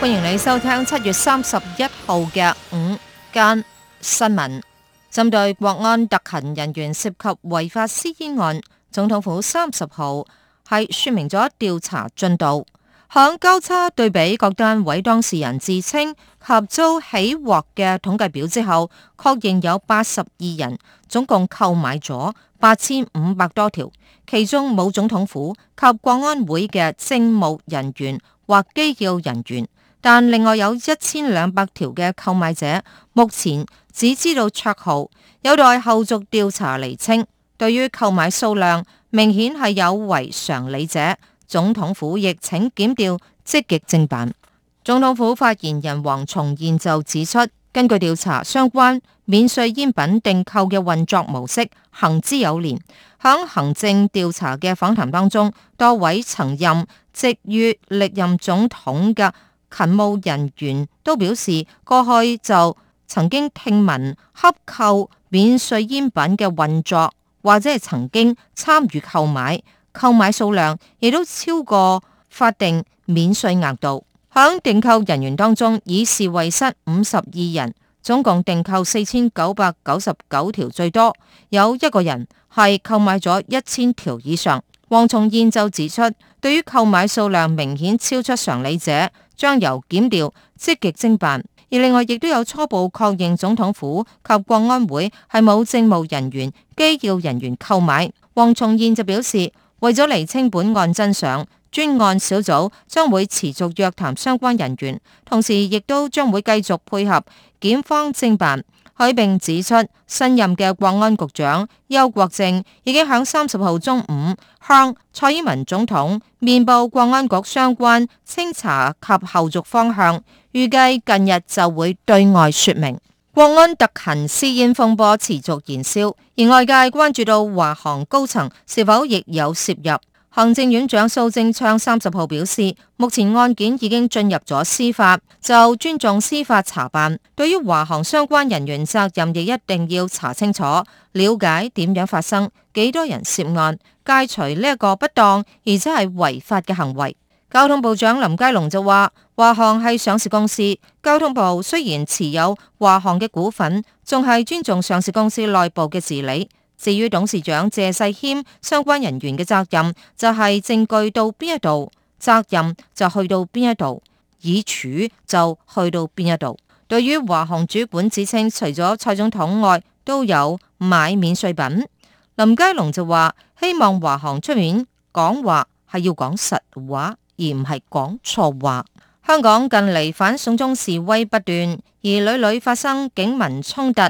歡迎你收聽七月三十一號嘅午間新聞。針對國安特勤人員涉及違法私煙案，總統府三十號係說明咗調查進度。響交叉對比各單位當事人自稱及遭起獲嘅統計表之後，確認有八十二人，總共購買咗八千五百多條，其中冇總統府及國安會嘅政務人員或機要人員。但另外有一千兩百條嘅購買者，目前只知道綽號，有待後續調查釐清。對於購買數量，明顯係有違常理者，總統府亦請檢調積極偵辦。總統府發言人黃重諺就指出，根據調查，相關免稅煙品訂購嘅運作模式行之有年。響行政調查嘅訪談當中，多位曾任職於歷任總統嘅。勤務人員都表示，過去就曾經聽聞洽購免稅煙品嘅運作，或者曾經參與購買，購買數量亦都超過法定免稅額度。喺訂購人員當中，以侍衛室五十二人，總共訂購四千九百九十九條，最多有一個人係購買咗一千條以上。黃重諺就指出，對於購買數量明顯超出常理者，將由檢調積極偵辦，而另外亦都有初步確認總統府及國安會係冇政務人員、機要人員購買。黃重諺就表示，為咗釐清本案真相，專案小組將會持續約談相關人員，同時亦都將會繼續配合檢方偵辦。佢並指出，新任嘅國安局長邱國正已經喺三十號中午向蔡英文總統面報國安局相關清查及後續方向，預計近日就會對外説明。國安特勤私煙風波持續延燒，而外界關注到華航高層是否亦有涉入。行政院長蘇貞昌三十號表示，目前案件已經進入咗司法，就尊重司法查辦，對於華航相關人員責任亦一定要查清楚，了解點樣發生，幾多人涉案，戒除呢一個不當而且係違法嘅行為。交通部長林佳龍就話，華航係上市公司，交通部雖然持有華航嘅股份，仲係尊重上市公司內部嘅治理。至於董事長謝世謙相關人員嘅責任，就係證據到邊一度，責任就去到邊一度，議處就去到邊一度。對於華航主管指稱除咗蔡總統外都有買免稅品，林佳龍就話希望華航出面講話係要講實話，而唔係講錯話。香港近嚟反送中示威不斷，而屢屢發生警民衝突。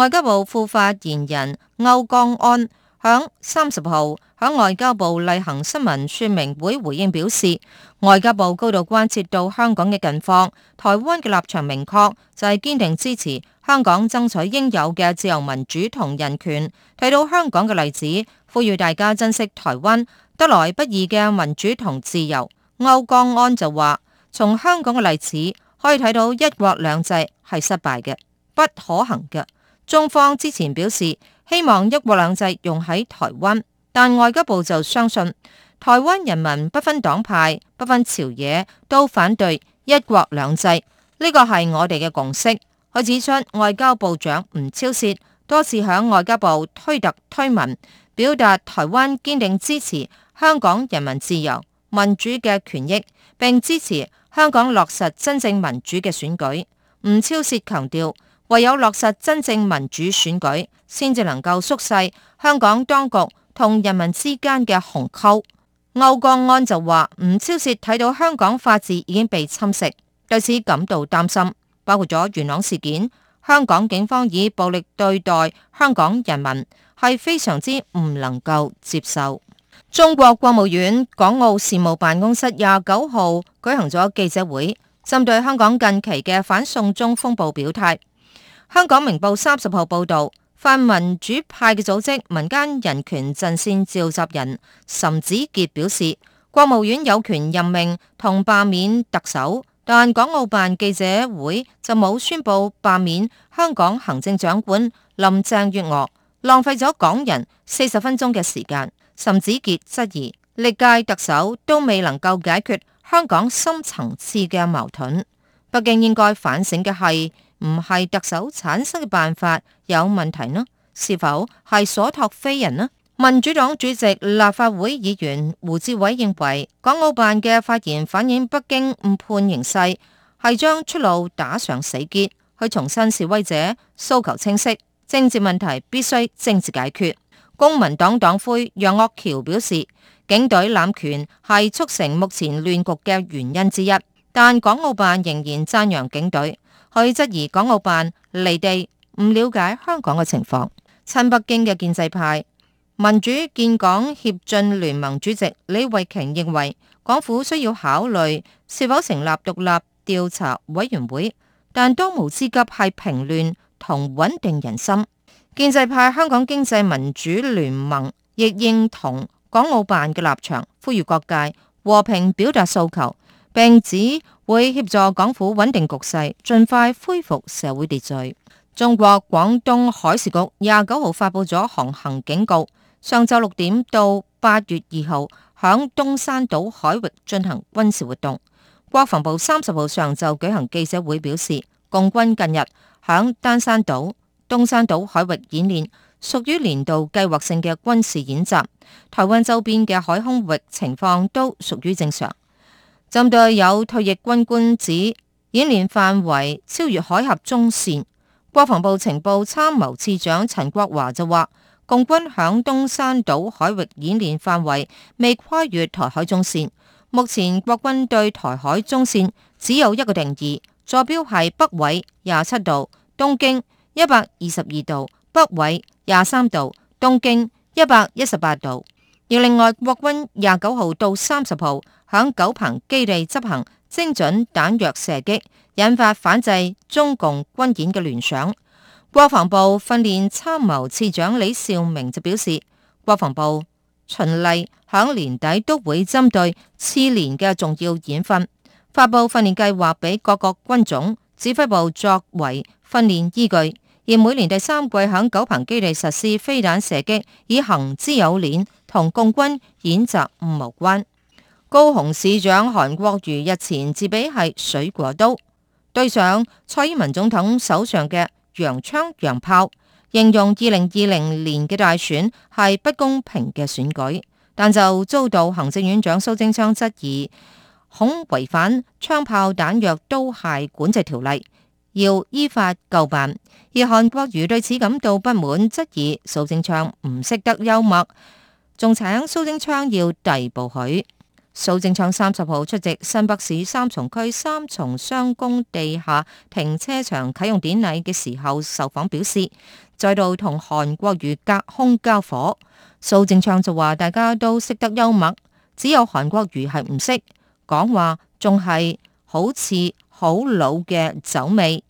外交部副發言人歐江安喺三十號喺外交部例行新聞說明會回應，表示外交部高度關切到香港嘅近況，台灣嘅立場明確就係堅定支持香港爭取應有嘅自由民主同人權。提到香港嘅例子，呼籲大家珍惜台灣得來不易嘅民主同自由。歐江安就話，從香港嘅例子可以睇到一國兩制係失敗嘅，不可行嘅。中方之前表示希望一國兩制用喺台灣，但外交部就相信台灣人民不分黨派、不分朝野都反對一國兩制，呢個係我哋嘅共識，佢指出，外交部長吳釗燮多次喺外交部推特推文，表達台灣堅定支持香港人民自由民主嘅權益，並支持香港落實真正民主嘅選舉，吳釗燮強調。唯有落實真正民主選舉，先至能夠縮細香港當局同人民之間嘅鴻溝。歐國安就話，吳超涉睇到香港法治已經被侵蝕，對此感到擔心。包括咗元朗事件，香港警方以暴力對待香港人民，係非常之唔能夠接受。中國國務院港澳事務辦公室廿九號舉行咗記者會，針對香港近期嘅反送中風暴表態。香港明報三十號報道，泛民主派嘅組織民間人權陣線召集人岑子杰表示，國務院有權任命同罷免特首，但港澳辦記者會就冇宣布罷免香港行政長官林鄭月娥，浪費咗港人四十分鐘嘅時間。岑子杰質疑歷屆特首都未能夠解決香港深層次嘅矛盾，北京應該反省嘅係唔係特首產生嘅辦法有問題呢？是否係所託非人呢？民主黨主席、立法會議員胡志偉認為，港澳辦嘅發言反映北京誤判形勢，係將出路打上死結，去重申示威者訴求清晰，政治問題必須政治解決。公民黨黨魁楊岳橋表示，警隊濫權係促成目前亂局嘅原因之一，但港澳辦仍然讚揚警隊。去質疑港澳辦離地唔了解香港嘅情況。親北京嘅建制派民主建港協進聯盟主席李慧瓊認為，港府需要考慮是否成立獨立調查委員會，但當務之急係平亂同穩定人心。建制派香港經濟民主聯盟亦認同港澳辦嘅立場，呼籲各界和平表達訴求，並指，會協助港府穩定局勢，盡快恢復社會秩序。中國廣東海事局廿九號發佈咗航行警告，上晝六點到八月二號，響東山島海域進行軍事活動。國防部三十號上晝舉行記者會表示，共軍近日響丹山島、東山島海域演練，屬於年度計劃性嘅軍事演習。台灣周邊嘅海空域情況都屬於正常。針對有退役軍官指演練範圍超越海峽中線，國防部情報參謀次長陳國華就話，共軍響東山島海域演練範圍未跨越台海中線。目前國軍對台海中線只有一個定義，坐標係北緯廿七度，東經一百二十二度；北緯廿三度，東經一百一十八度。要另外，國軍廿九號到三十號響九鵬基地執行精準彈藥射擊，引發反制中共軍演嘅聯想。國防部訓練參謀次長李少明就表示，國防部循例響年底都會針對次年嘅重要演訓發布訓練計劃，俾各個軍種指揮部作為訓練依據。而每年第三季響九鵬基地實施飛彈射擊，以行之有年。同共軍演習唔無關。高雄市長韓國瑜日前自比係水果刀，對上蔡英文總統手上嘅洋槍洋炮，形容二零二零年嘅大選係不公平嘅選舉，但就遭到行政院長蘇貞昌質疑，恐違反槍炮彈藥刀械管制條例，要依法究辦。而韓國瑜對此感到不滿，質疑蘇貞昌唔識得幽默。仲請蘇貞昌要逮捕佢。蘇貞昌三十號出席新北市三重區三重商工地下停車場啟用典禮嘅時候，受訪表示，再度同韓國瑜隔空交火，蘇貞昌就話大家都識得幽默，只有韓國瑜係唔識，講話，仲係好似好老嘅酒味。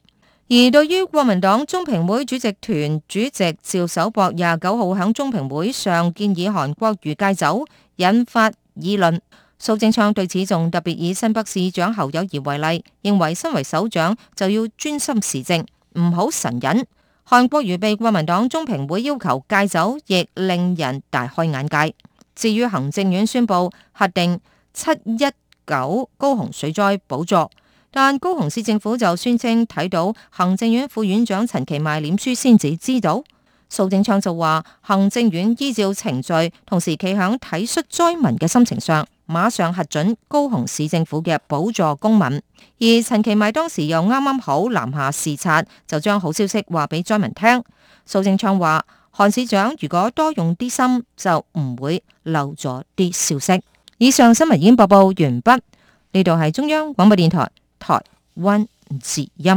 而對於國民黨中評會主席團主席趙守博廿九號喺中評會上建議韓國瑜戒酒，引發議論。蘇貞昌對此仲特別以新北市長侯友宜為例，認為身為首長就要專心施政，唔好神隱。韓國瑜被國民黨中評會要求戒酒，亦令人大開眼界。至於行政院宣布核定七一九高雄水災補助。但高雄市政府就宣稱睇到行政院副院長陳其邁臉書先至知道。蘇貞昌就話行政院依照程序，同時企響體恤災民嘅心情上，馬上核准高雄市政府嘅補助公民。而陳其邁當時又啱啱好南下視察，就將好消息話俾災民聽。蘇貞昌話韓市長如果多用啲心，就唔會漏咗啲消息。以上新聞已經播報完畢，呢度係中央廣播電台。台灣字音。